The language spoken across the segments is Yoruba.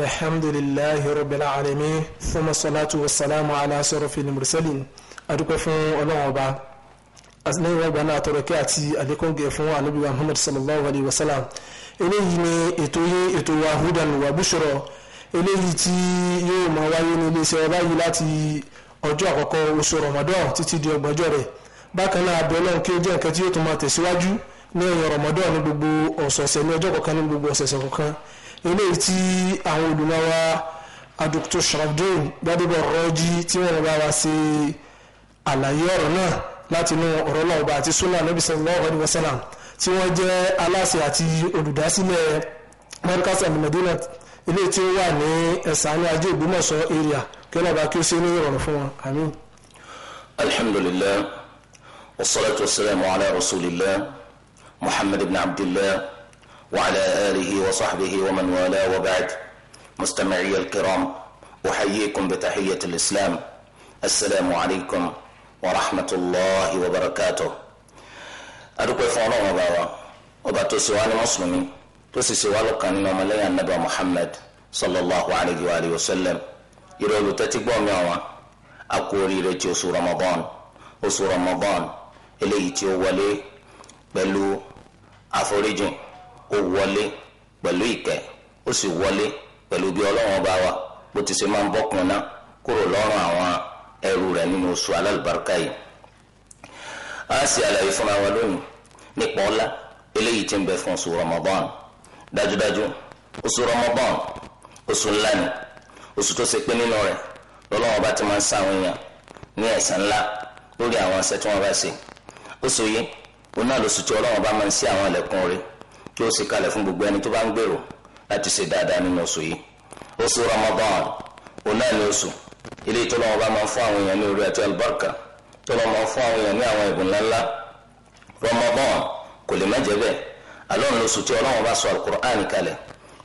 الحمد لله رب العالمين ثم الصلاة والسلام على أشرف المرسلين adúpẹ́ fún ọlọ́run ọba lẹ́yìn ọgbà náà tọrọ kí àti àlékọ́gẹ̀ fún ànábì wa muhammad sallallahu alayhi wa sallam eléyìí ni ètò yé ètò wa hudan wa bushra eléyìí tí yóò máa wáyé ní iléeṣẹ́ báyìí láti ọjọ́ àkọ́kọ́ oṣù ramadan títí di ọgbọ̀njọ́ rẹ̀ bákan náà abẹ́ ọlọ́run kí ó jẹ́ nǹkan tí yóò tún máa tẹ̀síwájú ní ẹ̀yìn ramadan ní gbogbo ọ̀sọ̀ọ̀sẹ̀ ní ọjọ́ kọ̀ọ̀kan ní gbogbo ọ̀sẹ̀ọ̀sẹ̀ kọ̀ọ̀kan eléyìí tí àwọn olùlọ́wọ́ adókòtò sharafdin gbadebo rọ́jí tí wọ́n bá wa ṣe àlàyé ọ̀rọ̀ náà láti inú ọ̀rọ̀ lọ́wọ́ba àti sunna nabi sallallahu alayhi wa sallam tí wọ́n jẹ́ aláṣẹ àti olùdásílẹ̀ markaz alimadina ilé tí ó wà ní ẹ̀sánú ajé Ògbómọ̀ṣọ́ area kí ọlọ́ba kí ó ṣe ní ìrọ̀rùn fún wọn àmín. alhamdulillah wasalaatu wasalaamu ala rasulillah muhammad ibn abdillah. وعلى آله وصحبه ومن والاه وبعد مستمعي الكرام أحييكم بتحية الإسلام السلام عليكم ورحمة الله وبركاته أدوكي فعلونا بابا وباتو سوال مسلمي تسي سوال كان مليا النبي محمد صلى الله عليه وآله وسلم يرولو تتقبوا ميوا أقولي رجي أسو رمضان أسو رمضان إليه تيو ولي بلو أفوريجين ó wọlé pẹ̀lú ìkẹ́ ó sì wọlé pẹ̀lú bí ọlọ́run bá wa bó ti ṣe máa ń bọ́kùn ná kúrò lọ́rùn àwọn ẹrú rẹ̀ nínú oṣù alálùbáríkà yìí. a sì àlàyé fúnra wa lónìí nípa ọlá eléyìí tí ń bẹ fún oṣù Ramadan dájúdájú oṣù Ramadan oṣù ńlá ni oṣù tó ṣe pé nínú rẹ̀ lọ́lọ́run bá ti máa ń sáwọn èèyàn ní ẹ̀san ńlá lórí àwọn iṣẹ́ tí wọ́n bá ṣe oṣù yìí òun lóṣù tí ọlọ́run bá máa ń ṣí àwọn ilẹ̀kùn rẹ̀ kí ó sì kalẹ̀ fún gbogbo ẹni tó bá ń gbèrò láti ṣe dáadáa nínú oṣù yìí oṣù Ramadan òun náà ní oṣù ilé ìtọ́lọ́wọ́ bá máa ń fún àwọn èèyàn ní orí àti albarka tọ́lọ́ máa ń fún àwọn èèyàn ní àwọn ìbùn ńláńlá Ramadan kò lè má jẹ́ bẹ́ẹ̀ alóhùn lóṣù tí Ọlọ́run bá sọ alukur'an kalẹ̀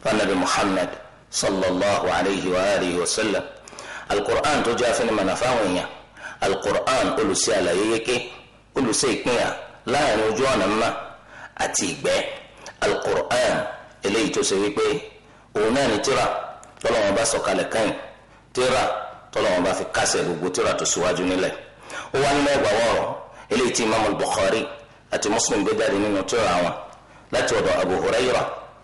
fanabi Muhammad sallallahu alayhi wa alihi wa sallam alukur'an tó jẹ́ afẹnimọ̀nà fáwọn èèyàn alukur'an olùsí àlàyé olùsí ìpínyà láàrin ojú ọ̀nà mma àti ìgbẹ́ alukur'an eléyìí tó ṣe wípé òun náà ní tíra tọ́lọ́wọ́n bá sọ̀kalẹ̀ kẹ́yìn tíra tọ́lọ́wọ́n bá fi kásẹ̀ gbogbo tíra tó síwájú nílẹ̀ ó wá nínú ẹgbàá wọ̀rọ̀ eléyìí tí imaamu bukhari àti muslim gbé jáde nínú tíra wọn láti ọ̀dọ̀ abu hurayra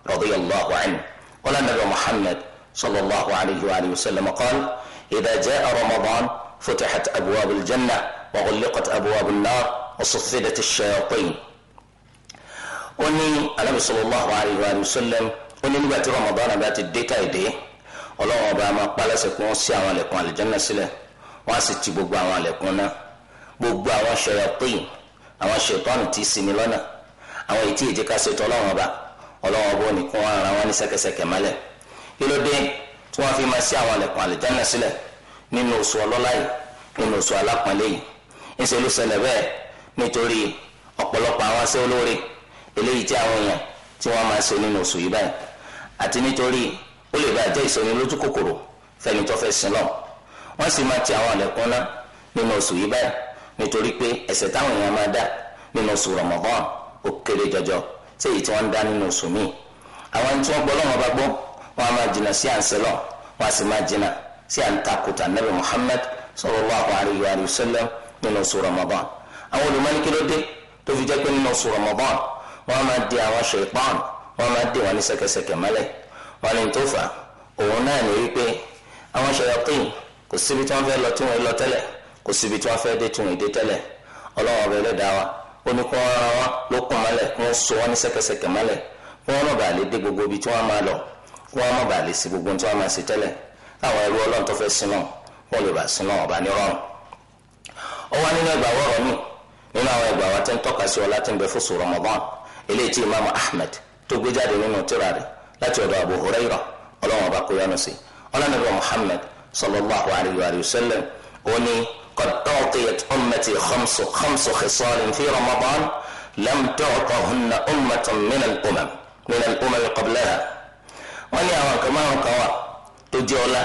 radiyallahu anhu wala nabi muhammad sallallahu alayhi wa sallam qaal idha jaa ramadan futihat abwaab aljanna wa ghulliqat abwaab an-nar wa suffidat ash-shayatin ó ní Ànábì sallallahu alayhi wa sallam ó ní nígbà tí Ramadan bá ti dé ká ìdè Ọlọ́run ọba máa pálẹ́sẹ̀ pé wọ́n ṣí àwọn àlẹ̀kùn àlìjẹ́nà sílẹ̀ wọ́n á sì ti gbogbo àwọn àlẹ̀kùn náà gbogbo àwọn ṣayatin àwọn ṣètọ́nù tí sinmi lọ́nà àwọn ètí ìdíkà ṣètò Ọlọ́run ọba Ọlọ́run ọba nìkan wọn ara wọn ní ṣẹ̀kẹ̀ṣẹ̀kẹ̀ mọ́lẹ̀ kí ló dé tí wọ́n fi máa ṣí àwọn àlẹ̀kùn àlìjẹ́nà sílẹ̀ nínú oṣù ọlọ́lá yìí nínú oṣù alápọ̀nlé yìí ńṣe ló ṣẹlẹ̀ bẹ́ẹ̀ nítorí ọ̀pọ̀lọpọ̀ àwọn aṣẹ́ olóore eléyìí tí àwọn èèyàn tí wọ́n máa ṣe nínú oṣù yìí báyìí àti nítorí ó lè bàjẹ́ ìsọni lójú kòkòrò fẹ́ni tó fẹ́ sin lọ wọ́n sì máa ti àwọn àlẹ̀kùn ná nínú oṣù yìí báyìí nítorí pé ẹ̀ṣẹ̀ táwọn èèyàn máa dá nínú oṣù Ramadan ó kéré jọjọ tí èyí tí wọ́n ń dá nínú oṣù míì àwọn tí wọ́n gbọ́ lọ́wọ́ bá gbọ́ wọ́n máa jìnnà sí àǹsẹ̀lọ̀ wọ́n sì máa jìnnà sí àǹtakùtà Nabi Muhammad sallallahu alayhi wa sallam nínú oṣù Ramadan àwọn olùmọ́ni kí ló dé tó nínú oṣù Ramadan wọ́n máa di àwọn ṣèpáàmù wọ́n máa di wọn ní ṣẹ̀kẹ̀ṣẹ̀kẹ̀ mọ́lẹ̀ wọ́n ní tó fà òun náà ní wípé àwọn ṣèyọkìn kò síbi tí wọ́n fẹ́ lọ tí wọ́n lọ kò síbi dé tí dé ọbẹ wa ní kí so wọn ní dé gbogbo ibi tí wọ́n máa lọ kí lè sí gbogbo tí máa káwọn ẹrú eléyìí tí imaamu ahmed tó gbé jáde nínú tírà rẹ̀ láti ọ̀dọ̀ abu huraira ọlọ́wọ́n bá kó yánu sí ọlọ́nàbí muhammed sallallahu alayhi wa sallam ó ní qad u'tiyat ummati khamsu khamsu khisalin fi ramadan lam tu'tahunna ummatan min al-umam min al-umam qablaha wọ́n ní àwọn kan márùn kan wà tó jẹ́ ọlá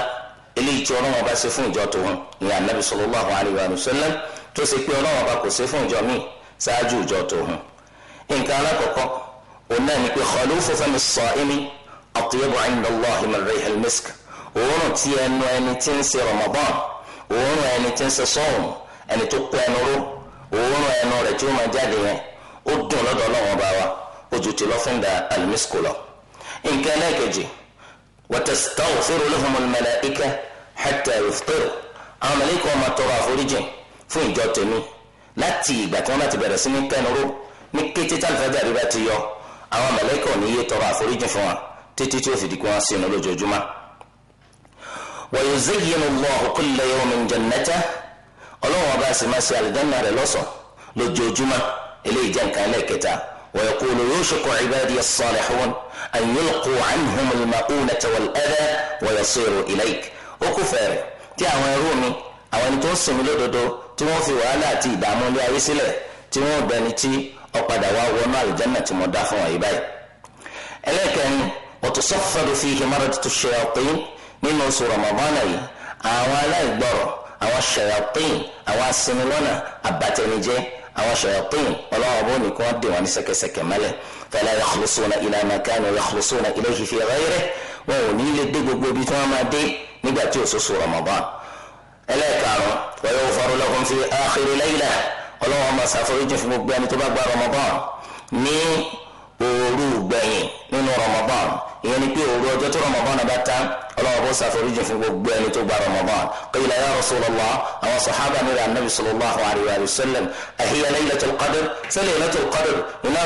eléyìí tí ọlọ́wọ́n bá ṣe fún ìjọ tòun ní anabi sallallahu alayhi wa sallam tó ṣe pé ọlọ́wọ́n bá kò ṣe fún ìjọ míì ṣáájú ìjọ tòun nǹkan alákọ̀ọ́kọ́ òun náà ni pé khalufu fami sa'imi atyabu inda Allahi min rihil misk òórùn tí ẹnu ẹni tí ń ṣe Ramadan òórùn ẹni tí ń ṣe sọ́ọ̀mù ẹni tó kó ẹnu ró òórùn ẹnu rẹ̀ tí ó máa jáde yẹn ó dùn lọ́dọ̀ Ọlọ́run bá wa ó ju ti lọ́fíńdà al-misku lọ. nǹkan ẹlẹ́ẹ̀kejì wa tastaghfiru lahumul malaika hatta yuftiru àwọn mẹlẹ́kẹ́ ọmọ tọrọ àforíjì fún ìjọ tèmi láti ìgbà tí wọ́n bá ti bẹ̀rẹ̀ sí ní kẹ́nu ró ní kété tí alifájàre bá ti yọ àwọn màláíkà ò ní yé tọrọ àforíjì fún wa títí tí ó fi di kí wọ́n sínú lójoojúmọ́. wa yuzayyinu Allahu kulla yawmin jannatahu ọlọ́run ọba sì máa ṣe àlùjánnà rẹ̀ lọ́ṣọ̀ọ́ lójoojúmọ́ eléyìí jẹ́ nǹkan ẹlẹ́ẹ̀kẹta wa yaqulu yushiku ibadiya as-salihun an yulqu anhum al-ma'unata wal-adha wa yasiru ilayk ó mi àwọn ẹni tó ọ̀padà wa wọnú àlùjánnà tí mo dá fún wọn yìí báyìí. ẹlẹ́kẹ̀rin wọ́tusaffadu fihi maradatu shayatin nínú oṣù Ramadana yìí àwọn aláìgbọ́rọ̀ àwọn shayatin àwọn asinilọ́nà àbàtẹnijẹ́ àwọn shayatin ọlọ́wọ́ bó nìkan dè wọ́n ní sẹ́kẹsẹ́kẹ mẹ́lẹ̀ fala yakhlusuna ọlọ́wọ́n máa ṣàforíjì fún gbogbo ẹni tó bá gba Ramadan ní òru gbẹ̀yìn nínú Ramadan ìyẹn ni pé òru ọjọ́ tó Ramadan náà bá tán ọlọ́wọ́n bó ṣàforíjì fún gbogbo ẹni tó gba Ramadan qila ya Rasulullah àwọn sàhábà nílẹ̀ anabi sallallahu alayhi wa sallam ahiya laylatul qadr ṣé laylatul qadr iná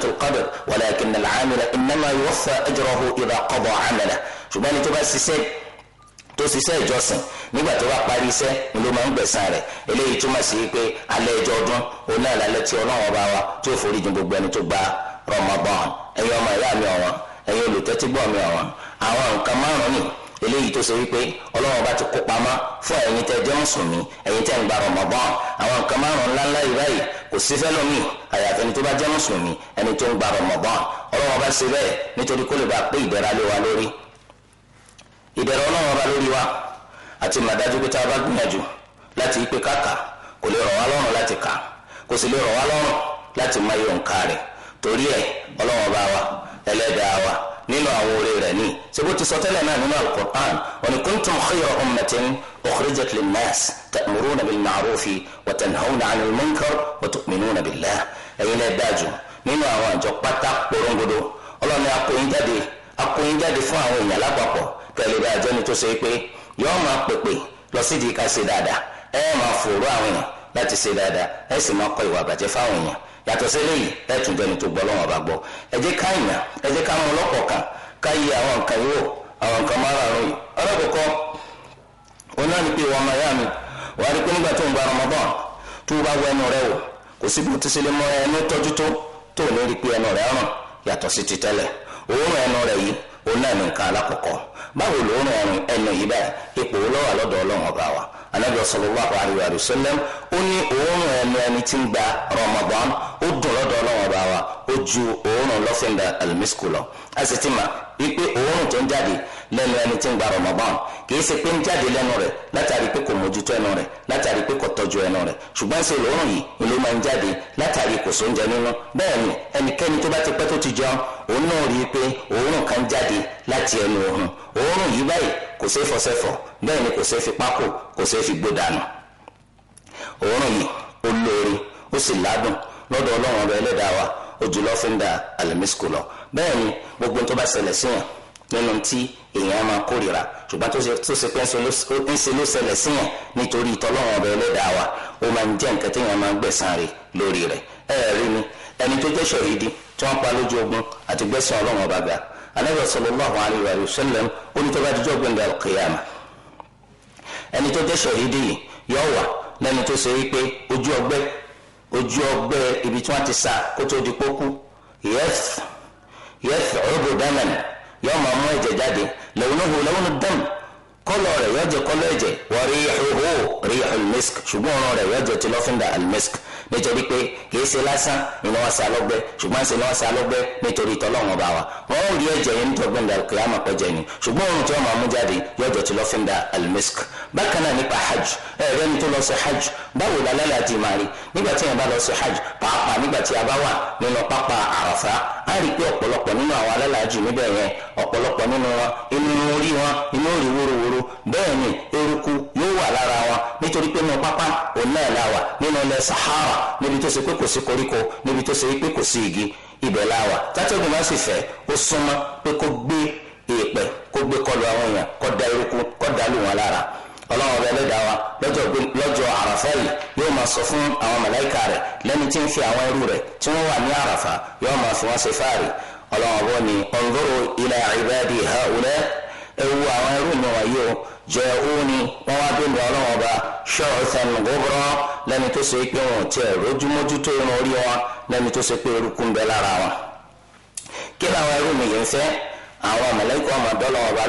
القدر ولكن العامل إنما يوفى أجره إذا قضى عمله شو بالي تبقى tó ṣiṣẹ́ ìjọsìn nígbà tó bá parí iṣẹ́ ni ló máa ń gbẹ̀san rẹ̀ eléyìí túmọ̀ sí pé alẹ́ ẹjọ́ ọdún òun náà lálẹ́ tí ọlọ́run ọba wa tí ó forí jìn gbogbo ẹni tó gba Ramadan ẹ̀yin ọmọ ìyá mi ọ̀wọ́n ẹ̀yin olùtẹ́tígbọ́ mi ọ̀wọ́n àwọn nǹkan márùn ni eléyìí tó ṣe wípé ọlọ́run ọba ti kó pamọ́ fún ẹ̀yin tẹ́ jẹ́ mùsùlùmí ẹ̀yin tẹ́ ń gba Ramadan àwọn nǹkan márùn-ún ńláńlá yìí báyìí kò sí fẹ́lọ́mì àyàfi ẹni tó bá jẹ́ mùsùlùmí ẹni tó ń gba Ramadan ọlọ́run ọba ṣe bẹ́ẹ̀ nítorí kó lè bá pé ìdẹ̀ra lé wa lórí ìdẹ̀rọ̀ ọlọ́run ọba lórí wa àti màdájú pé tá a bá gbìyànjú láti ipe káka kò lè rọ̀ wá lọ́rùn láti kà kò sì lè rọ̀ wá lọ́rùn láti mọ iye òǹkà rẹ̀ torí ẹ̀ ọlọ́run ọba wa ẹlẹ́dàá wa nínú àwọn oore rẹ̀ ní sebo ti sọ tẹ́lẹ̀ náà nínú alukur'an wọn ni kuntum khayra ummatin ukhrijat linnas ta'muruna bil ma'rufi wa tanhawna 'anil munkar wa kẹlẹbẹ àjẹni tó ṣe é pé yọọ máa pèpè lọ sí ìdíkà ṣe dáadáa ẹ máa fòrò àwọn èèyàn láti ṣe dáadáa ẹ sì máa kọ ìwà fáwọn èèyàn yàtọ̀ sí eléyìí ẹ tún jẹni tó gbọ́ lọ́wọ́ ẹ jẹ́ ká ìyàn ẹ jẹ́ ká ká yí àwọn nǹkan yìí wò àwọn nǹkan náà ní pé mi á rí pé nígbà tó ń gba Ramadan báwo ló ń rọrùn ẹnu yìí báyìí ipò lọ́wọ́ lọ́dọ̀ ọlọ́run ọba wa anabi sallallahu alayhi wa sallam ó ní òórùn ẹnu ẹni tí ń gba Ramadan ó dùn lọ́dọ̀ ọlọ́run ọba wa ó ju òórùn lọ́fíńdà alimisku lọ a sì ti mà wípé òórùn tó ń jáde lẹ́nu ẹni tí ń gba Ramadan kìí ṣe pé ń jáde lẹ́nu rẹ̀ látàrí pé kò mójútó ẹnu rẹ̀ látàrí pé kò tọ́jú ẹnu rẹ̀ ṣùgbọ́n ṣe lòórùn yìí ló máa ń jáde látàrí kò sóúnjẹ nínú bẹ́ẹ̀ ni ẹnikẹ́ni tó bá ti pẹ́ tó ti jẹun òun náà rí i pé òórùn kan jáde láti ẹnu òun òórùn yìí báyìí kò ṣeé fọṣẹfọ bẹ́ẹ̀ ni kò ṣeé fi pákó kò ṣeé fi gbó dànù òórùn yìí ó lóore ó sì ládùn lọ́dọ̀ ọlọ́run ọba ẹlẹ́dàá wa ó jùlọ fi ń da àlẹ́mísìkò lọ bẹ́ẹ̀ ni gbogbo tó bá ṣẹlẹ̀ síyàn nínú tí èèyàn máa kórìíra ṣùgbọ́n tó ṣe pé ń ṣe ló ṣẹlẹ̀ síyàn nítorí ìtọ́lọ́run ọba ẹlẹ́dàá wa ó máa ń jẹ́ nǹkan téèyàn máa ń gbẹ̀san rẹ̀ lórí rẹ̀ ẹ̀ẹ́rì ni ẹni tó jẹ́ ṣọ̀hídì tí wọ́n pa lójú ogun àti gbẹ̀san ọlọ́run ọba gbà anabi sallallahu alayhi wa sallam onítọ́ba àtijọ́ gbẹ̀ngàn alqiyama ẹni tó jẹ́ sọ̀hídì yìí yọ wà lẹ́nu tó ṣe wípé ojú ọgbẹ́ ojú ọgbẹ́ ibi tí wọ́n ti sa kó tó di pókú yẹ́f yẹ́f ọ̀rọ̀bù dámẹ́n yọ máa mú ẹ̀jẹ̀ jáde lawnuhu lawnu dam kọ́lọ̀ rẹ̀ yọ jẹ́ kọ́lọ̀ ẹ̀jẹ̀ wa rihuhu rihul misk ṣùgbọ́n ọ̀rọ̀ rẹ̀ yọ jẹ́ ti lọ́fíńdà nítorí pé kìí ṣe lásán ni wọ́n ṣe alọ́gbẹ́ ṣùgbọ́n ṣe ni wọ́n ṣe alọ́gbẹ́ nítorí tọ́lọ́wọ́n bá wa wọ́n ò rí ẹ̀jẹ̀ yẹn nítorí gbẹ̀ndà kìlámà pẹ́jẹ ni ṣùgbọ́n ohun tí wọ́n máa mú jáde yọjọ́ ti lọ́fíńdà almisk bákan náà nípa hajj ẹ̀rẹ́ni tó lọ sí hajj báwo lálẹ́ láti máa rí nígbà tí a bá lọ sí hajj pàápàá nígbà tí a bá wà nínú pápá àràfá a rí i pé ọ̀pọ̀lọpọ̀ nínú àwọn alálàájì níbẹ̀ yẹn ọ̀pọ̀lọpọ̀ nínú wọn inú orí wọn inú orí eruku yóò wà lára wọn nítorí pé nínú pápá òun náà la wà nínú ilẹ̀ Sahara níbi tó ṣe pé kò igi ibẹ̀ tátẹ́gùn sì fẹ́ ó súnmọ́ pé kó gbé èèpẹ̀ kó ọlọ́run ọba ẹlẹ́dàá wa lọ́jọ́ àràfà yìí yóò máa sọ fún àwọn màláíkà rẹ̀ lẹ́ni tí ń fi àwọn ẹrú rẹ̀ tí wọ́n wà ní àràfà yóò máa fi wọ́n ṣe fáàrí ọlọ́run ọba ni unzuru ila ibadi haula ewu àwọn ẹrú mi wà yìí o jẹ́ òní wọ́n wá bí nbọ̀ ọlọ́run ọba ṣọ́ọ̀tàn gọ́bọ̀rọ̀ lẹ́ni tó ṣe pé wọn ò tiẹ̀ rójúmójútó irun orí wọn lẹ́ni tó ṣe pé eruku ń bẹ lára wọn kí làwọn ẹrú mi yìí fẹ́ àwọn màláíkà ọmọdé ọlọ́run ọba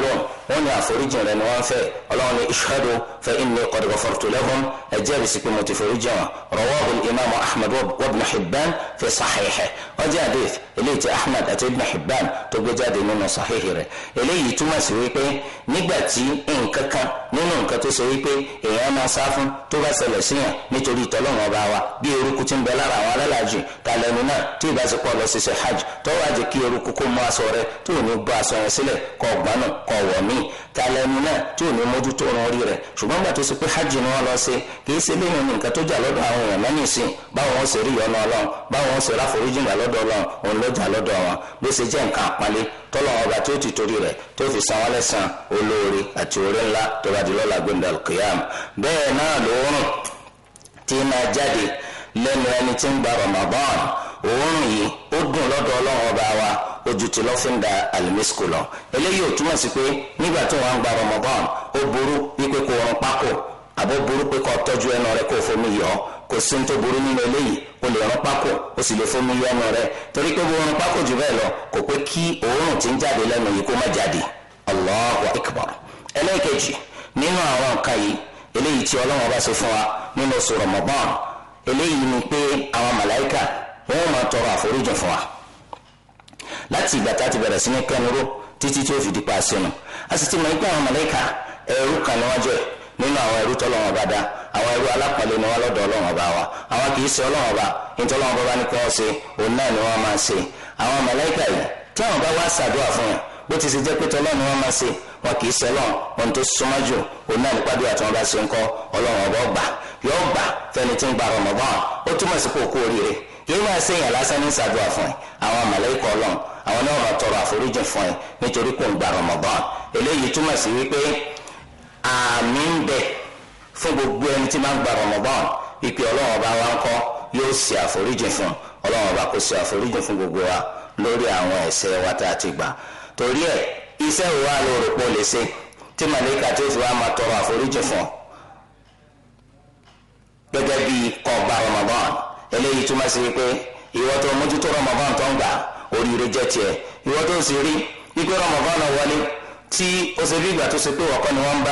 wọn ní àforíjì rẹ ni wọn fẹ́ Ọlọ́run ní ishadu fa inni qad ghafartu lahum ẹ jẹ́rìí sí pé mo ti foríjì wọn rawahu imaamu ahmed wa ibn hibban fi saxiixe ọjọ àdéhìí eléyìí ti ahmed àti ibn hibban tó gbé jáde nínú saxiixi rẹ eléyìí túmọ̀ sí wípé nígbà tí nǹkan kan nínú nǹkan tó ṣe wípé èèyàn máa sá fún tó bá ṣẹlẹ̀ síyàn nítorí ìtọ́lọ́wọ́n ọba wa bí eruku ti ń bẹ lára àwọn alálàájì talẹ́nu náà tí ìbáṣepọ̀ lọ ṣiṣẹ́ hajj tọ́wọ́ àjẹkí eruku kó mú aṣọ rẹ tó ní bọ́ aṣọ yẹn sílẹ̀ kọ́ ọgbọ́n náà wọ̀ míì talẹnu náà tí ò ní mójútó ọ̀rọ̀ orí rẹ̀ ṣùgbọ́n gbà tó ṣe pé hajj ni wọ́n lọ sí kì í ṣe léyìn ní nǹkan tó jà lọ́dọ̀ àwọn èèyàn lẹ́yìn sí báwọn ó ṣe rí ìyọ́nú ọlọ́run báwọn ó ṣe ráforíjì gbà lọ́dọ̀ ọlọ́run òun ló jà wọn bó ṣe nǹkan ọba ti torí rẹ̀ tó fi san wọ́n lẹ́san olóore àti oore ńlá tó bá di ojú ti lọ́fíńdà àlùmísìkò lọ eléyìí ò túmọ̀ sí pé nígbà tí wọ́n ń gba Ramadan ó burú wípé kò rún pákó àbó burú pé kò tọ́jú ẹnu rẹ kò fomi yọ kò sí ní tó burú nínú eléyìí o lè rún pákó o sì lè fomi yọ ẹnu rẹ torí pé bó rún pákó jù bẹ́ẹ̀ lọ kò pé kí òórùn ti ń jáde lẹ́nu yìí kó má jáde Allahu Akbar ẹlẹ́ẹ̀kejì nínú àwọn nǹkan yìí eléyìí tí Ọlọ́run bá ṣe fún wa nínú oṣù Ramadan eléyìí ni pé àwọn màláìkà wọ́n máa tọrọ àforíjì fún wa láti ìgbà tá a ti bẹ̀rẹ̀ sí ní kẹ́nuró títí tí ó fi di pa sínú a sì ti mọ ẹgbẹ́ àwọn màláíkà ẹrú kan ni wọ́n jẹ́ nínú àwọn ẹrú tọ́lọ́wọ́n bá dá àwọn ẹrú alápàlẹ́ ni wọ́n lọ́dọ̀ Ọlọ́run bá wa àwọn kì í ṣe Ọlọ́run bá ìtọ́lọ́wọ́n bá bá ní kí wọ́n ṣe òun náà ni wọ́n máa ṣe àwọn màláíkà yìí tí àwọn bá wá ṣàdúrà fún yẹn bó ti ṣe jẹ́ pé tọ́lọ́ ni wọ́n máa ṣe wọn kì í ṣe Ọlọ́run ohun tó súnmọ́ jù òun náà yóò máa ṣèyàn lásán ní ṣàdúrà fún ẹ àwọn màláíkà Ọlọ́run àwọn náà máa tọrọ àforíjì fún ẹ nítorí kò ń gba eléyìí túmọ̀ sí wípé gba Ọlọ́run ọba wa ń kọ́ yóò ṣe àforíjì fún Ọlọ́run ọba kò ṣe àforíjì fún gbogbo wa lórí àwọn wa tá a ti gbà torí iṣẹ́ lè ṣe tí eléyìí túmọ̀ sí pé ìwọ tó mójútó Ramadan tó ń gbà oríire jẹ́ tiẹ̀ ìwọ tó sì rí wípé Ramadan wọlé tí ó ṣe bí ìgbà tó ṣe pé wọ́kọ́ ni wọ́n nínú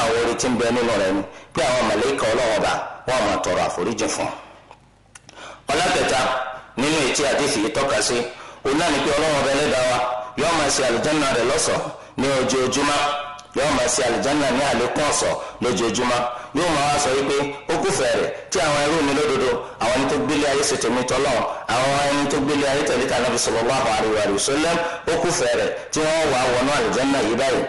àwọn orí tí ń bẹ nínú rẹ ni pé àwọn màláíkà Ọlọ́hun bá wọ́n máa tọrọ àforíjì fún un. ọlákẹta nínú yóò máa ṣe àlìjáná ní àlékún ọ̀sọ̀ lójoojúmọ́ yóò máa wá sọ wípé ó kúfẹ̀ẹ́ rẹ̀ tí àwọn ẹrú mi lódodo àwọn ẹni tó gbélé ayé ṣètò mi tọ́lọ́run àwọn ẹni tó gbélé ayé tẹ̀lé kan Nabi sallallahu alaihi wasallam ó kúfẹ̀ẹ́ rẹ̀ tí wọ́n wà wọnú àlìjáná yìí báyìí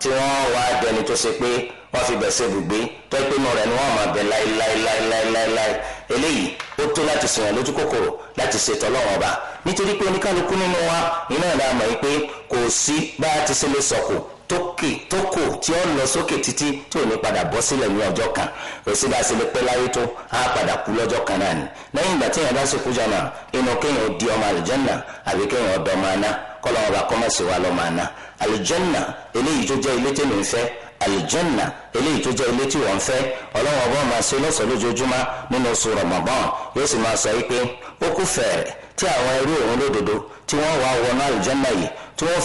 tí wọ́n wà dẹni tó ṣe pé wọ́n fi bẹ̀sẹ̀ bùgbé tọ́pẹ́nu rẹ̀ ni wọ́n máa bẹ̀ láéláéláéláéláé eléyìí ó tó láti sèyàn lójú kòkòrò láti ṣètò ọlọ́run ọba nítorí pé oníkálukú nínú wa iná ìlànà yìí pé kò sí bá a ti ṣe lè sọ̀kò tókè tókò tí ó lọ sókè títí tí ò ní padà bọ́ sílẹ̀ ní ọjọ́ kan òsì bá ṣe lè pẹ́ láyé tó á padà kú lọ́jọ́ kan náà ni lẹ́yìn ìgbà tí èèyàn bá ṣekú jọ náà inú kéèyàn di ọmọ àlùjànnà àbí kéèyàn ọdọ ọmọ aná kọ́lọ́ ọba kọ́mọ̀sì wa lọ́mọ aná àlùjànnà eléyìí tó jẹ́ ilé tèmi ń fẹ́ alìjẹ́nà eléyìí tó jẹ́ ilé tí wọ́n fẹ́ ọlọ́wọ́n bá máa ṣe lọ́sọ̀ọ́ lójoojúmọ́ nínú oṣù rọ̀mọ̀bọ́n yóò sì máa sọ wípé ó kú fẹ̀rẹ̀ tí àwọn ẹrú òun lódodo tí wọ́n wọ́n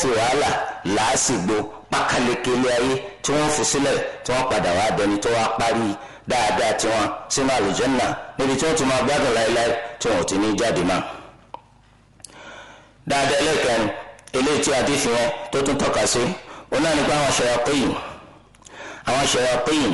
fi wàhálà làásìgbò pákàlẹ́kẹ́lẹ́ ayé tí wọ́n fi sílẹ̀ tí wọ́n padà wá dẹni tó wá parí dáadáa tiwọn sínú àlùjànnà níbi tí wọ́n ti máa gbádùn láéláé tí wọ́n ti ní jáde náà. dáadáa ẹlẹ́kẹrin eléyìí tí adéfì wọn tó tún tọ́ka sí òun náà nípa àwọn ṣayatín àwọn ṣayatín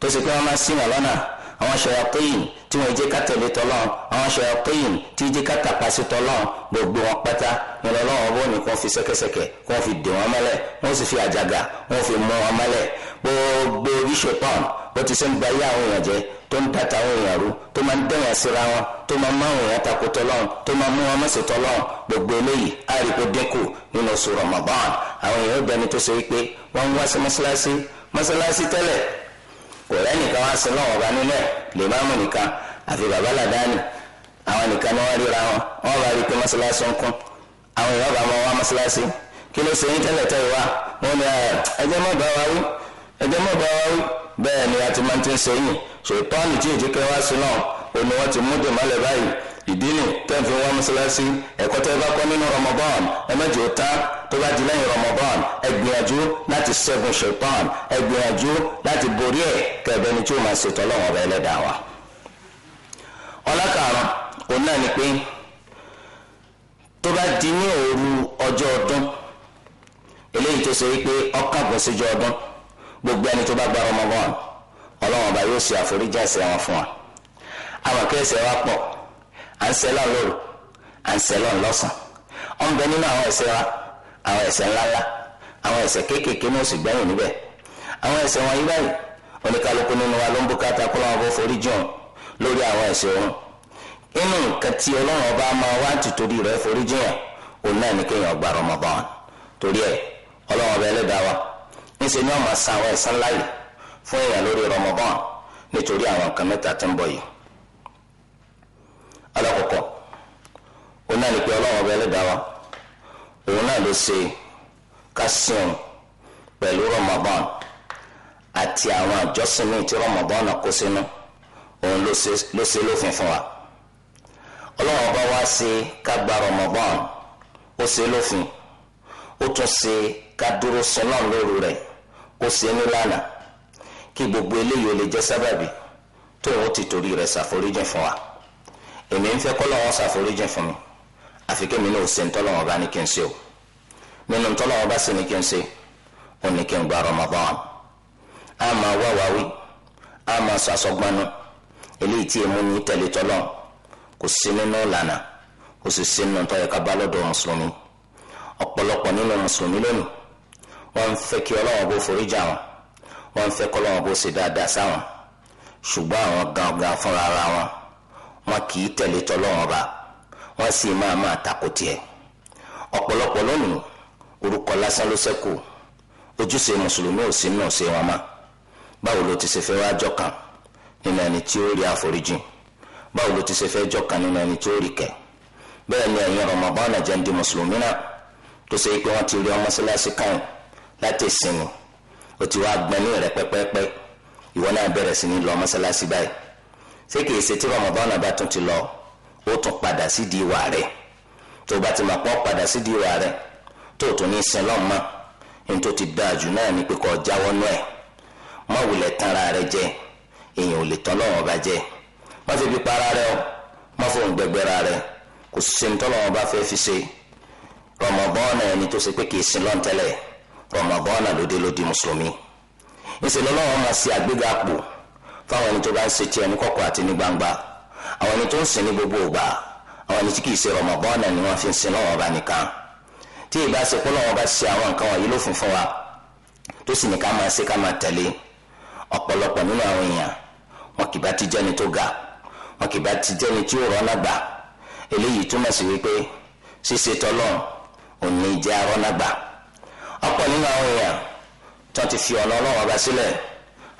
tó sì pé wọ́n máa sìn wọn lọ́nà àwọn ṣayatín tí wọn jẹ́ kátẹ̀lé tọ́lọ́n àwọn ṣàyàpéyìn tí jẹ́ kátàpá sí tọ́lọ́n gbogbo wọn pátá ìrọ̀lọ́wọ́ bó ní kó fi ṣẹ́kẹ́ṣẹkẹ̀ kó fi dè wọ́n mọ́lẹ̀ wọ́n sì fi àjàgà wọ́n fi mú wọn mọ́lẹ̀ gbogbo oríṣetán bó ti ṣe ń gba ayé àwọn èèyàn jẹ tó ń dàtà àwọn èèyàn rú tó máa ń dẹ̀yàn síra wọn tó máa ń mú àwọn èèyàn takò tọ́lọ́n tó máa mú wọn mọ̀sẹ̀ tọ́lọ́n gbogbo eléyìí á dínkù nínú oṣù Ramadan àwọn èèyàn ó tó ṣe wípé wọ́n ń wá sí mọ́ṣáláṣí mọ́ṣáláṣí tẹ́lẹ̀ kò rẹ́nìkan wá sí lọ́wọ́ ọba nílẹ̀ lè má mú nìkan àfi bàbá làdáni àwọn nìkan ni wọ́n ríra wọn wọ́n bá rí pé mọ́ṣáláṣí ń kún àwọn èèyàn bá wọn wá mọ́ṣáláṣí kí ló ṣe yín tẹ́lẹ̀ tẹ́ ìwà wọn ni ẹjẹ́ mọ́ bá wa wí ẹjẹ́ mọ́ bá wa wí bẹ́ẹ̀ ni a ti máa ti ń sẹ́yìn ṣètọ́ni tí ìjíkẹ́ wá sí náà òun ni wọ́n ti mú dèmọ́lẹ̀ báyìí ìdí ni tẹ́ǹfì wọn mọ́ṣáláṣí ẹ̀kọ́ tẹ́ bá kọ́ nínú Ramadan ẹ mẹ́jọ ta tó bá di lẹ́yìn Ramadan ẹ láti ṣẹ́gun ṣètọ́n ẹ láti borí ẹ̀ kẹ́ẹ̀bẹ́ni tí ó máa ṣètọ́ lọ́wọ́ ọba ẹlẹ́dàá wa. ọlákàárọ̀ òun náà ni pé tó bá di ní òru ọjọ́ ọdún eléyìí tó ṣe wípé ọkàn ọdún gbogbo ẹni tó bá gba Ramadan ọlọ́wọ́n ọba yóò ṣe àforíjì ẹ̀ṣẹ̀ wọn fún wa àwọn akẹ́sẹ̀ wa pọ̀ à ń sẹ́lọ̀ lóru à ń sẹ́lọ̀ lọ́sàn ọ̀n bẹ nínú àwọn wa àwọn ẹ̀ṣẹ̀ ńláńlá àwọn ẹ̀ṣẹ̀ kéékèèké ní oṣù gbẹ̀yìn níbẹ̀ àwọn ẹ̀ṣẹ̀ wọn yí báyìí lórí àwọn ẹ̀ṣẹ̀ wọn inú nǹkan tí ọlọ́run ọba máa wá tìtorí rẹ̀ forí jiyàn òun náà ní kéèyàn gba Ramadan torí ẹ̀ ọlọ́run ọba ẹlẹ́dàá wa níṣẹ́ ni wọ́n máa san àwọn ẹ̀san láyè fún èèyàn lórí Ramadan nítorí àwọn nǹkan mẹ́ta tí ń bọ̀ yìí alákọ̀ọ́kọ́ òun náà ní pé ọlọ́run ọba ẹlẹ́dàá wa òun náà ló ṣe pẹ̀lú àti àwọn àjọsìn ní ti òun ló ṣe lófin fún wa ọlọ́run ọba wa ṣe ká gba Ramadan ó ṣe lófin ó tún ṣe ká dúró sọlọ́run lóru rẹ̀ ó ṣe nílànà kí gbogbo eléyìí ó lè jẹ́ sábàbí tó òun ti torí rẹ̀ ṣàforíjìn fún wa èmi ń fẹ́ kọ́ ṣàforíjìn fún mi àfi kémi náà ṣe ń tọ́lọ́wọ́ bá ní kí n ṣe o nínú ń tọ́lọ́wọ́ sì ní kí n ṣe ó ní kí n gba Ramadan a máa wá wá wí a máa sọ eléyìí tí èmu ní tẹ̀lé tọ́lọ̀ kò sí nínú ìlànà kò sì sí nínú tọ́yẹ ká bá lọ́dọ̀ mùsùlùmí ọ̀pọ̀lọpọ̀ nínú mùsùlùmí lónìí wọ́n ń fẹ́ kí ọlọ́wọ́n bó forí jà wọn wọ́n ń fẹ́ kọ́ ọlọ́wọ́n bó ṣe dáadáa sáwọn ṣùgbọ́n àwọn gangan fúnra ara wọn wọn kì í tẹ̀lé tọ́lọ́wọ́n bá wọ́n sì máa máa takò tiẹ̀ ọ̀pọ̀lọpọ̀ lónìí orúkọ lásán ló ṣẹ́kù ojúṣe mùsùlùmí ò sí náà nínú ẹni tí ó rí àforíjì báwo ló ti ṣe fẹ́ jọ̀kan nínú ẹni tí ó rí kẹ́ bẹ́ẹ̀ ni ẹ̀yin Ramadan jẹ́ ń di mùsùlùmí náà tó ṣe pé wọ́n ti rí ọmọ síláṣí káyìn láti ìsinmi ó ti wá gbọ́n ní rẹ̀ pẹ́pẹ́pẹ́ ìwọ náà bẹ̀rẹ̀ sí ní lọ ọmọ síláṣí báyìí ṣé kìí ṣe tí Ramadan bá tún ti lọ ó tún padà sídìí ìwà rẹ̀ tó bá ti mọ̀ pọ́ padà sídìí ìwà rẹ̀ tó tún ní sin lọ́mọ ní tó ti dáa jù náà ní pé jáwọ́ nú ẹ̀ mọ́ wulẹ̀ tanra rẹ̀ jẹ́ èèyàn ò lè tán lọ́wọ́ bá jẹ́ má fi bí para rẹ o má fòun rẹ kò sí ní tọ́lọ́wọ́ bá fẹ́ fi ṣe rọmọbọ́ọ̀nà ẹni tó ṣe pé kì í sin lọ́n tẹ́lẹ̀ rọmọbọ́ọ̀nà ló ló di mùsùlùmí máa ṣe àgbéga pò fáwọn ẹni tó bá ń ṣe fi ń sin lọ́wọ́ bá nìkan tí lọ́wọ́ wa tó sì ní ká máa ṣe ká máa wọn kì ti jẹ́ni tó ga wọn ti jẹ́ni tí ó rọ́nàgbà eléyìí túmọ̀ sí wípé ṣíṣe tọ́lọ́run òní jẹ́ arọ́nàgbà ọ̀pọ̀ nínú àwọn èèyàn tó ti fi ọ̀nà ọba sílẹ̀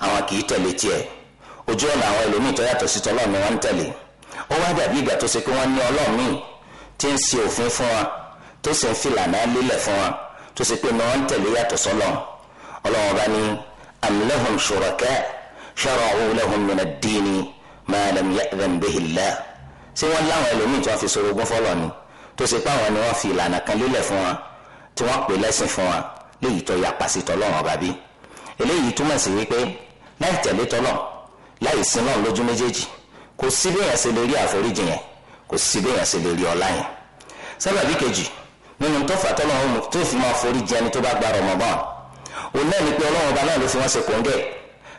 àwọn kì í tẹ̀lé tiẹ̀ ojú ọ̀nà àwọn ẹlòmíì tó yàtọ̀ sí ni wọ́n ń tẹ̀lé ó wá dàbí ìgbà tó ṣe pé wọ́n ní tí ń ṣe òfin fún wa tó sì ń lílẹ̀ fún wa tó ṣe ọba ní shara'u lahum min ad-dini ma lam ya'dhan bihi Allah ṣé wọ́n láwọn ẹlòmíì tí wọ́n fi sọ̀rọ̀ ogún fọlọ́ ni tó ṣe pé àwọn ni wọ́n fi ìlànà kan lélẹ̀ fún wa tí wọ́n pè lẹ́sìn fún wa léyìí tó yapa sí tọ́lọ́run ọba bí eléyìí túmọ̀ sí wípé láì tẹ̀lé tọ́lọ̀ láì sin náà lójú méjèèjì kò sí bí ṣe lè rí àforíjì yẹn kò sí bí ṣe lè rí ọlá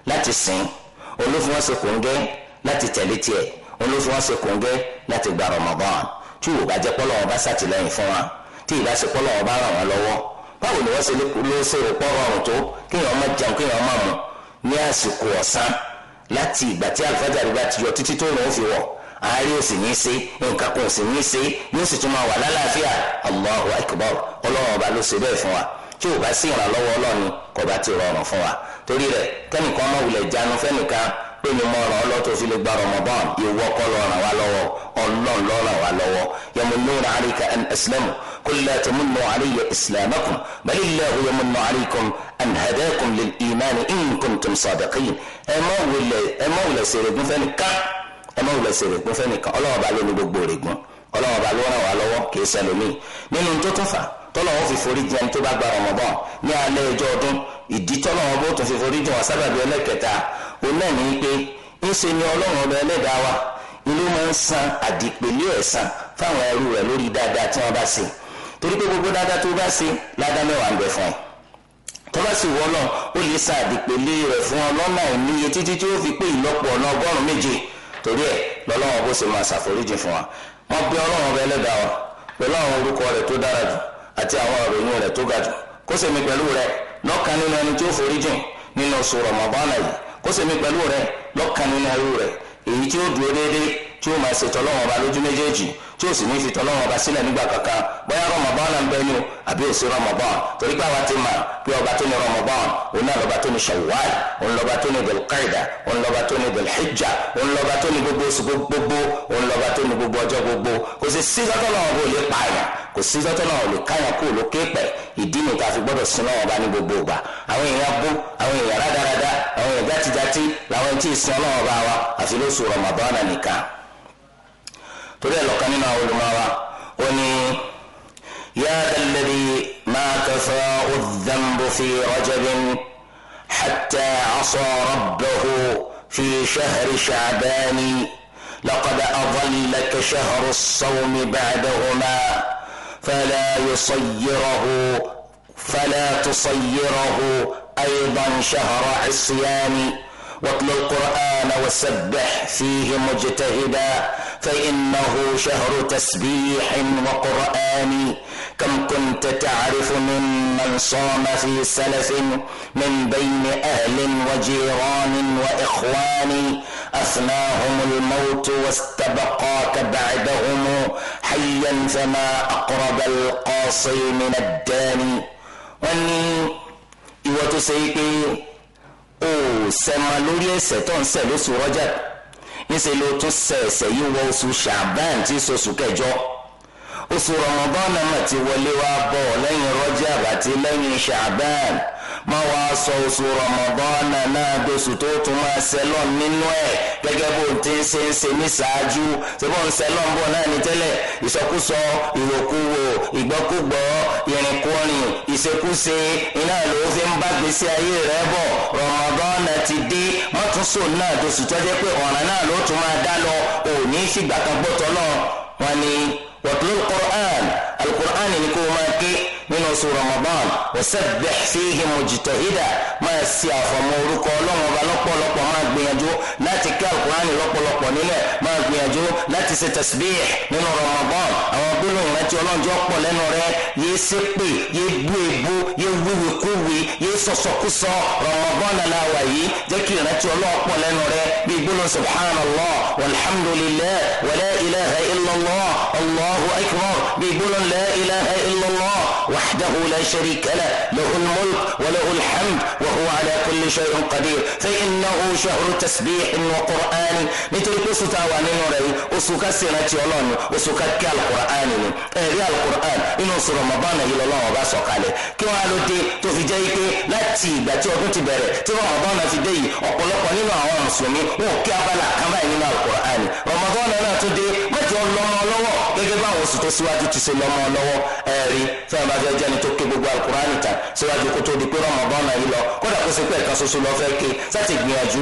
láti sìn òun ló fi wọn ṣe kòńgẹ́ láti tẹ̀lé tiẹ̀ òun ló fi wọn ṣe kòńgẹ́ láti gba Ramadan tí ìwò bá jẹ pọ́lọ́ wọn bá ṣàtìlẹ́yìn fún wa tí ìbá ṣe pọ́lọ́ wọn bá ràn wọn lọ́wọ́ báwo ni wọ́n ṣe ló ṣe rògbọ́ rọrùn tó kéèyàn má jẹun kéèyàn má mu ní àsìkò ọ̀sán láti ìgbà tí àlùfáàjà bá ti yọ títí tó rùn ó fi wọ̀ àárẹ̀ ò sì ní í ṣe nǹkan kan ò sì ní í ṣe yóò sì tún máa wà lálàáfíà Allahu akbar ọlọ́run ọba ló ṣe bẹ́ẹ̀ fún wa tí ò bá sí ìrànlọ́wọ́ ọlọ́ni kò bá ti rọrùn fún wa torí rẹ̀ kẹ́nìkan mọ̀ wulẹ̀ jánu fẹ́nìkan pé mi mọ ọ̀ràn ọlọ́tò fi lè gba Ramadan ìwọ kọ́ lọ ràn wá lọ́wọ́ ọlọ́run lọ ràn wá lọ́wọ́ yamununa alayka an aslamu qul la tamunnu alayya islamakum bal illahu yamunnu alaykum an hadakum lil iman in kuntum sadiqin ẹ mọ wulẹ̀ tó tún fà tọ́lọ̀ wọn fi forí jẹun tó bá gba Ramadan ní alẹ́ ọjọ́ ọdún ìdí tọ́lọ̀ wọn bó tún fi forí jẹun sábàbí ẹlẹ́kẹta òun ní pé ńṣe ni ọlọ́run ọba ẹlẹ́dàá wa ilé máa ń san àdìpẹ̀lẹ́ ẹ̀san fáwọn ẹrú rẹ̀ lórí dáadáa tí wọ́n bá ṣe torí pé gbogbo dáadáa tó bá ṣe ládàá mẹ́wàá ń bẹ fún ẹ tọ́lá sì wọ́ náà ó lè sa àdìpẹ̀lẹ́ rẹ̀ fún ọ lọ́nà ìníye títí tí ó fi pé ìlọ́pọ̀ ọ̀nà ọgọ́rùn-ún méje torí ẹ̀ lọ́lọ́wọ́n bó ṣe máa ṣàforíjì fún wa wọ́n bí ọlọ́run ọba ẹlẹ́dàá wa pẹ̀lú àwọn orúkọ rẹ̀ tó dára jù àti àwọn ìròyìn rẹ̀ tó ga jù kó ṣèmi pẹ̀lú rẹ̀ lọ́kàn nínú ẹni tí ó forí jìn nínú oṣù rọmọbọ́nà yìí kó ṣèmi pẹ̀lú rẹ̀ lọ́kàn nínú ẹrú rẹ̀ èyí tí ó dúró déédéé tí ó máa ṣe tọ́lọ́wọ́n ba lójú méjèèjì tí ó sì ní fi tọ́lọ́wọ́n ba sílẹ̀ nígbà kankan bóyá rọmọbọ́nà ń bẹ ní o àbí òsì rọmọbọ́n torí pé àwa ti mà pé ọba tó ní rọmọbọ́n òun náà lọ́ba tó ní shawwal òun lọ́ba tó ní delkaida òun lọ́ba tó ní delhijja òun lọ́ba tó ní gbogbo oṣù gbogbo òun lọ́ba tó ní gbogbo ọjọ́ gbogbo kò sí sọ́tọ́lọ́wọ́n bó lè pààyàn kò sí tọ́tọ́ náà ò lè káyàn kú lókè pẹ̀ ìdí ni ká fi gbọ́dọ̀ sin náà ọba ní gbogbo ìgbà àwọn èèyàn bú àwọn èèyàn rádaràda àwọn èèyàn játijàti làwọn tí ì sin ọlọ́run ọba wa àfi lóṣù Ramadan nìkan torí ẹ̀ lọ́kàn nínú àwọn olùmọ̀ wa ó ní yá dàlẹ́bi máa kẹfẹ́ ó dàmbò fi rajabin hatta asọ rabbahu fi shahri sha'bani laqad adallaka shahru as-sawmi ba'dahuma. فلا يصيره فلا تصيره أيضا شهر عصيان واتل القرآن وسبح فيه مجتهدا فانه شهر تسبيح وقران كم كنت تعرف ممن صام في سلف من بين اهل وجيران واخوان افناهم الموت واستبقاك بعدهم حيا فما اقرب القاصي من الداني واني ìwọ tó ṣe é pé tó níṣẹ́ ló tún ṣe ẹ̀ṣẹ̀ yìí wọ oṣù ṣàbán tí oṣù kẹjọ oṣù rọmọbọ́n náà ti wọlé wá bọ̀ lẹ́yìn rọ́jà àbàtì lẹ́yìn ṣàbán má wá sọ oṣù rọmọbọ́n náà doṣù tó tún máa ṣẹlọ̀ nínú ẹ̀ gẹ́gẹ́ bó ti ń ṣe ń ṣe ní ṣáájú ṣùgbọ́n ń ṣẹlọ̀ ń bọ̀ náà ní tẹ́lẹ̀ ìsọkúsọ ìwòkúwò ìgbọ́kúgbọ́ ìrìnkúrìn ìṣekúṣe iná ló fi ń bá gbèsè ayé rẹ̀ bọ̀ rọmọbọ́n ti dé sọ náà tó sì tọ́jú pé ọ̀ràn náà ló tún máa dá lọ òní fìgbà kan gbọ́tọ̀ wọn ni wàtúlù qur'an alukur'an ni kò máa ké nínú oṣù ramadan wasabbih fihi mujtahida máa ṣe àfọ̀mọ́ orúkọ ọlọ́run ọba lọ́pọ̀lọpọ̀ máa gbìyànjú láti ké alukur'an lọ́pọ̀lọpọ̀ nílẹ̀ máa gbìyànjú láti ṣe tasbih nínú ramadan àwọn gbólóhùn rẹ tí ọlọ́njọ́ pọ̀ lẹ́nu rẹ yé ṣépè yé bú ebú yé wíwèkúwe yé sọ̀sọ̀kúsọ ramadan làwà yìí jẹ́ kí ìrántí ọlọ́ọ̀pọ̀ lẹ́nu rẹ bí gbólóhùn subhanallah والحمد لله ولا إله إلا الله الله أكبر بيقول لا إله إلا الله وحده لا شريك له له الملك وله الحمد وهو على كل شيء قدير فإنه شهر تسبيح وقرآن مثل قصة وانين ورأي أسوك السنة يولون أسوك كالقرآن إيه القرآن إنه سر رمضان إلى الله وباسوك عليه كي ألوتي تفجيك لا تيبا تيبا تيبا تيبا رمضان في دي أقول لك وانين وانين وانين وانين وانين وانين alukur'an ramadan náà tún dé mẹ́jọ lọ́mọ lọ́wọ́ gẹ́gẹ́ báwọn oṣù tó síwájú ti ṣe lọ́mọ lọ́wọ́ ẹ̀rí fẹ́ràn bá jẹ́ jẹ́ni tó ké gbogbo alukur'an ta síwájú kó tó di pé ramadan náà yìí lọ kódà kó ṣe pé ẹ̀ka ṣoṣo lọ fẹ́ ké sátì gbìyànjú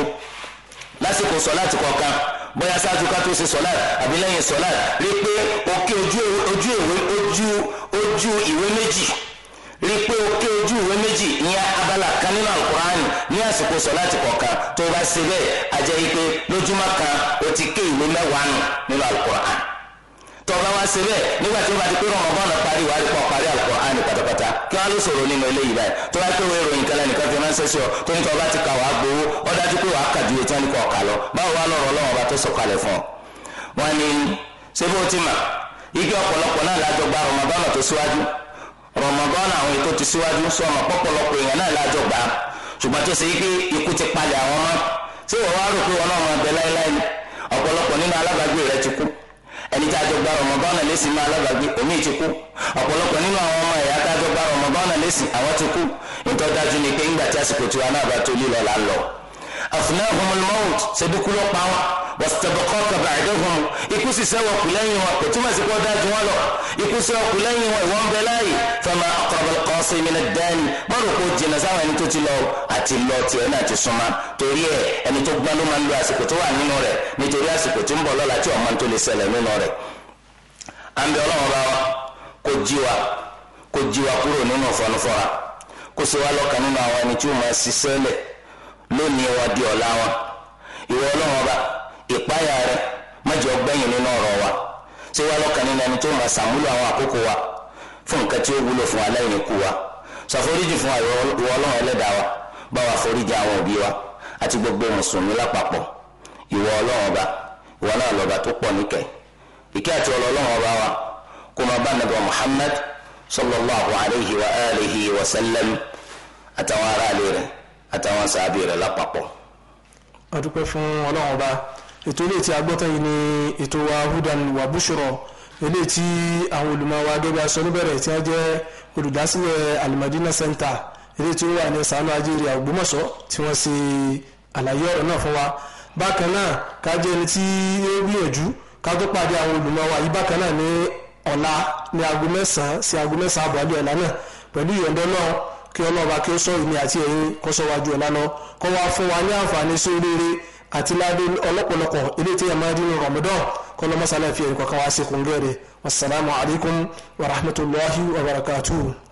lásìkò sọ láti kọ̀ọ̀kan bóyá sáájú ká tó ṣe sọlá àbí lẹ́yìn sọlá rí pé òkè ojú ìwé ojú ojú ìwé méjì rí pé òkè ojú ìwé méjì ní abala kan nínú àlùkùránì ní àsìkò sọláàtì kọ̀ọ̀kan tó o bá ṣe bẹ́ẹ̀ a jẹ́ pé lójúmọ́ kan o ti ké ìwé mẹ́wàá nù nínú alukur'an tó o bá wá ṣe bẹ́ẹ̀ nígbà tí o bá ti pé Ramadan parí wàá rí pọ̀ parí alukur'an pátápátá kí wọ́n á ló sọ̀rọ̀ nínú eléyìí báyìí tó bá pé wọ́n ìròyìn kẹlẹ́ nìkan fi ránṣẹ́ sí ọ tó ní tó o bá ti kà wàá gbowó ọ dájú pé wàá kàdú etí wọn kọ̀ lọ báwo wá lọ́rọ̀ Ọlọ́run ọba tó sọ̀kalẹ̀ fún ọ. wọ́n ní ṣé bó ti mà igi ọ̀pọ̀lọpọ̀ náà lájọ gba Ramadan tó síwájú Ramadan àwọn ètò ti síwájú sọ̀rọ̀ pọ̀pọ̀lọpọ̀ èèyàn náà lájọ gbà ṣùgbọ́n tó ṣe pé ikú ti palẹ̀ àwọn ọmọ tí wọ́n wá rò pé wọn náà máa bẹ láéláé ni ọ̀pọ̀lọpọ̀ nínú alábàágbé rẹ ti kú ẹni tí a jọ gba Ramadan náà lẹ́sìn máa alábàágbé omi ti kú ọ̀pọ̀lọpọ̀ nínú àwọn ọmọ ẹ̀yà tá a jọ gba Ramadan náà lẹ́sìn àwọn ti kú nítorí dájú ni pé ńgbà tí àsìkò tiwa náà bá tó lílọ là ń asinahum almaut ṣebí kú ló pa wọn wasitabakọta ba'dahum ikú sísẹ wọn kù lẹ́yìn wọn kò túmọ̀ sí kó dájú wọn lọ ikú sísẹ wọn kù lẹ́yìn wọn ìwọ ń bẹ láàyè fama aqrab alqasim min ad-dan bọ́ọ̀rù kò jìnnà sáwọn ẹni tó ti lọ àti lọ tiẹ̀ náà ti súnmọ́ torí ẹ ẹni tó gbọ́n ló máa ń lo àsìkò tó wà nínú rẹ̀ nítorí àsìkò tó ń bọ̀ lọ́la tí ọmọ tó lè ṣẹlẹ̀ nínú rẹ̀ àǹbẹ̀ ọlọ́run bá wa kó jí wa kó jí wa kúrò nínú fọnufọ́ra kó sì wá lọ́kàn nínú àwọn ẹni tí ó máa ṣiṣẹ́ lẹ̀ lónìí wa di ọ̀la wa ìwọ ọlọ́run ọba ìpáyà rẹ májè ọgbẹ́yìn nínú ọ̀rọ̀ wa ṣé wàá lọ́kàn nínú ẹni tó máa ṣàmúlò àwọn àkókò wa fún nǹkan tí ó wúlò fún aláìní kú wa ṣàforíjì fún ìwọ ọlọ́run ẹlẹ́dàá wa bá wa foríjì àwọn òbí wa àti gbogbo mùsùlùmí lápapọ̀ ìwọ ọlọ́run ọba ìwọ náà lọ́ba tó pọ̀ níkẹ́ ìkẹ́ àti ọlọ́run ọba wa kó máa bá Muhammad alayhi wa àtàwọn sàábì rẹ̀ lápapọ̀. a dúpẹ́ fún ọlọ́run ọba ètò ilé tí a gbọ́tàn yìí ni ètò wa hudan wa bushro ilé tí àwọn olùmọ̀ wa gẹ́gẹ́ aṣọ níbẹ̀rẹ̀ tí wọ́n jẹ́ olùdásílẹ̀ alimadina center ilé tí ó wà ní sàánú ajínrìn Ògbómọ̀ṣọ́ tí wọ́n ṣe àlàyé ọ̀rọ̀ náà fún wa bákan náà ká jẹ́ ẹni tí ó gbìyànjú ká tó pàdé àwọn olùmọ̀ wa yìí bákan náà ní ọ̀la ní aago mẹ́sàn-án sí aago mẹ́sàn-án ọ̀la náà pẹ̀lú ìyọ̀ndọ́ náà kí ọlọ́ọ̀bá kí ó sọ ìmí àti ẹ̀yìn kó sọ wájú ọ̀la lọ kó wá fún wa ní àǹfààní sí oríire àti ládé ọlọ́pọ̀lọpọ̀ ilé tí yẹn máa dín ní lọ́mọ́sálẹ̀ fi ẹ̀yìn kọ̀ọ̀kan wá sí kúngẹ́rẹ́ wasalaamu wa rahmatulahi wa barakatuhu.